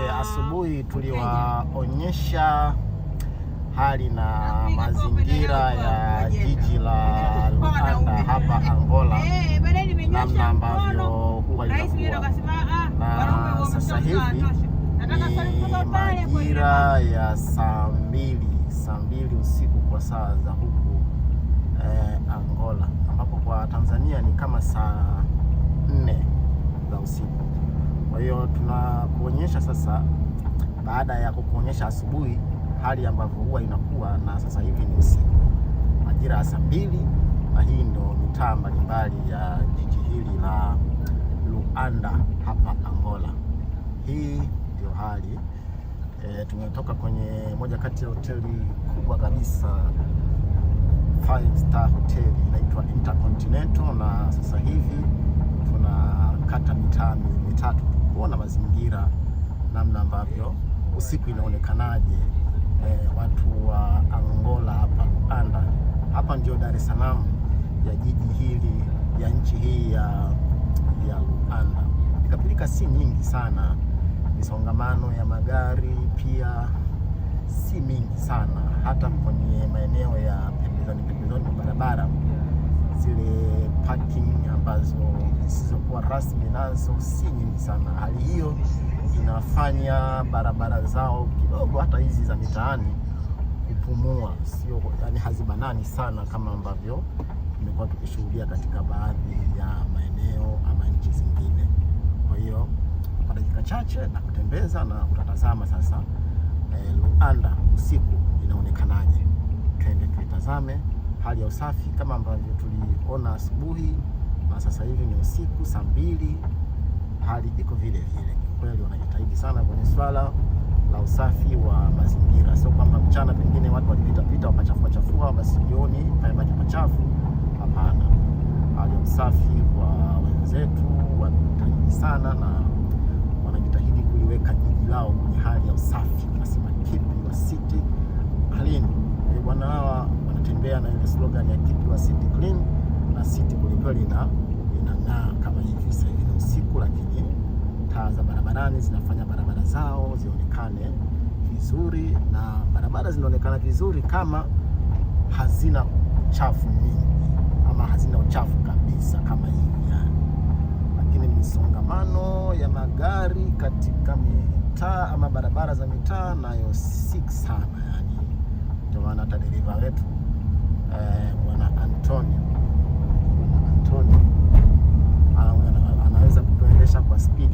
wote eh, asubuhi tuliwaonyesha hali na mazingira ya jiji la Luanda hapa Angola, namna ambavyo huwa inakuwa, na sasa hivi ni majira ya saa mbili saa mbili usiku kwa saa za huku eh, Angola, ambapo kwa Tanzania ni kama saa nne za usiku. Kwa hiyo tunakuonyesha sasa, baada ya kukuonyesha asubuhi hali ambavyo huwa inakuwa, na sasa hivi ni usiku majira ya saa mbili, na hii ndo mitaa mbalimbali ya jiji hili la Luanda hapa Angola. Hii ndio hali e, tumetoka kwenye moja kati ya hoteli kubwa kabisa five star hotel inaitwa Intercontinental, na sasa hivi tunakata mitaa mitatu kuona mazingira namna ambavyo usiku inaonekanaje. E, watu wa Angola hapa Luanda, hapa ndio Dar es Salaam ya jiji hili ya nchi hii ya ya Luanda. Pikapilika si nyingi sana, misongamano ya magari pia si mingi sana, hata kwenye maeneo ya pembezoni pembezoni barabara zile parking ambazo zisizokuwa rasmi nazo si nyingi sana. Hali hiyo inafanya barabara zao kidogo, hata hizi za mitaani kupumua, sio yani, hazibanani sana kama ambavyo tumekuwa tukishuhudia katika baadhi ya maeneo ama nchi zingine. Kwa hiyo kwa dakika chache na kutembeza na utatazama sasa, eh, Luanda usiku inaonekanaje? Twende tuitazame hali ya usafi kama ambavyo tuliona asubuhi na sasa hivi ni usiku saa mbili, hali iko vile vile. Kweli wanajitahidi sana kwenye swala la usafi wa mazingira, sio kwamba mchana pengine watu walipitapita chafua, basi jioni pale machafu. Hapana, hali ya usafi kwa wenzetu wanajitahidi sana na wanajitahidi kuliweka jiji lao kwenye hali ya usafi, wanasema keep your city kuendelea na ile slogan ya keep your city clean, na city kwelikweli ina inang'aa kama hivi sasa hivi ni usiku, lakini taa za barabarani zinafanya barabara zao zionekane vizuri, na barabara zinaonekana vizuri kama hazina uchafu mwingi ama hazina uchafu kabisa kama hivi yani. Lakini misongamano ya magari katika mitaa ama barabara za mitaa nayo si sana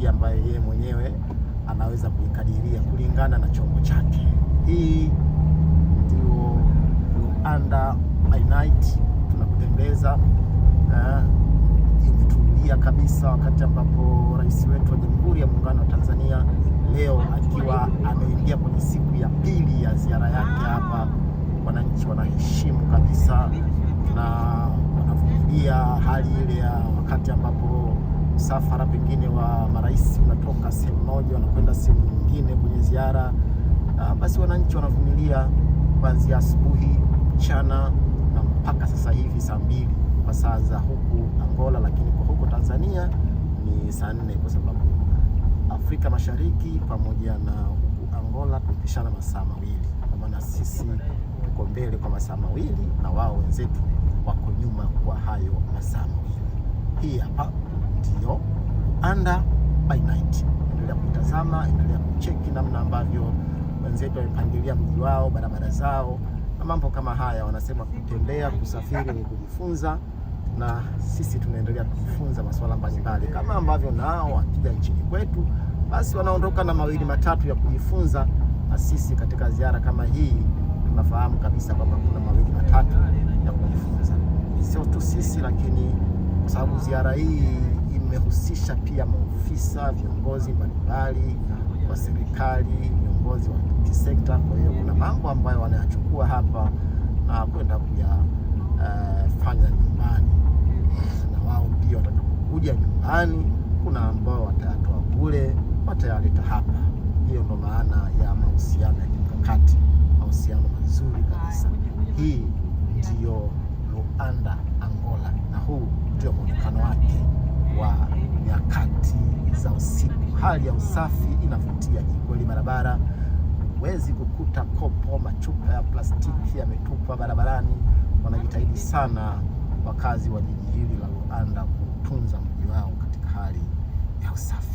zaidi ambayo yeye mwenyewe anaweza kuikadiria kulingana na chombo chake. Hii ndio Luanda by night, tunakutembeza eh, imetulia kabisa, wakati ambapo rais wetu wa Jamhuri ya Muungano wa Tanzania leo akiwa ameingia kwenye siku ya pili ya ziara yake hapa, wananchi wanaheshimu kabisa na wanavumilia hali ile ya wakati ambapo msafara pengine wa wanatoka sehemu moja wanakwenda sehemu nyingine kwenye ziara. Uh, basi wananchi wanavumilia kuanzia asubuhi, mchana na mpaka sasa hivi saa mbili kwa saa za huku Angola, lakini kwa huko Tanzania ni saa nne kwa sababu Afrika Mashariki pamoja na huku Angola tumepishana masaa mawili, kwa maana sisi tuko mbele kwa masaa mawili na wao wenzetu wako nyuma kwa hayo masaa mawili. Hii hapa ndiyo anda by night. Endelea kutazama, endelea kucheki namna ambavyo wenzetu wamepangilia mji wao, barabara zao na mambo kama haya. Wanasema kutembea, kusafiri ni kujifunza, na sisi tunaendelea kujifunza masuala mbalimbali, kama ambavyo nao wakija nchini kwetu, basi wanaondoka na mawili matatu ya kujifunza, na sisi katika ziara kama hii tunafahamu kabisa kwamba kuna mawili matatu ya kujifunza, sio tu sisi, lakini kwa sababu ziara hii imehusisha pia maofisa, viongozi mbalimbali wa serikali, viongozi wa kisekta. Kwa hiyo kuna mambo ambayo wanayachukua hapa na ah, kwenda kuyafanya eh, uh, nyumbani eh, na wao pia watakapokuja nyumbani, kuna ambao watayatoa kule watayaleta hapa. Hiyo ndo maana ya mahusiano ya kimkakati, mahusiano mazuri kabisa. Hii ndiyo Luanda Angola, na huu ndio mwonekano wake wa nyakati za usiku. Hali ya usafi inavutia kweli, barabara huwezi kukuta kopo, machupa ya plastiki yametupwa barabarani. Wanajitahidi sana wakazi wa jiji hili la Luanda kutunza mji wao katika hali ya usafi.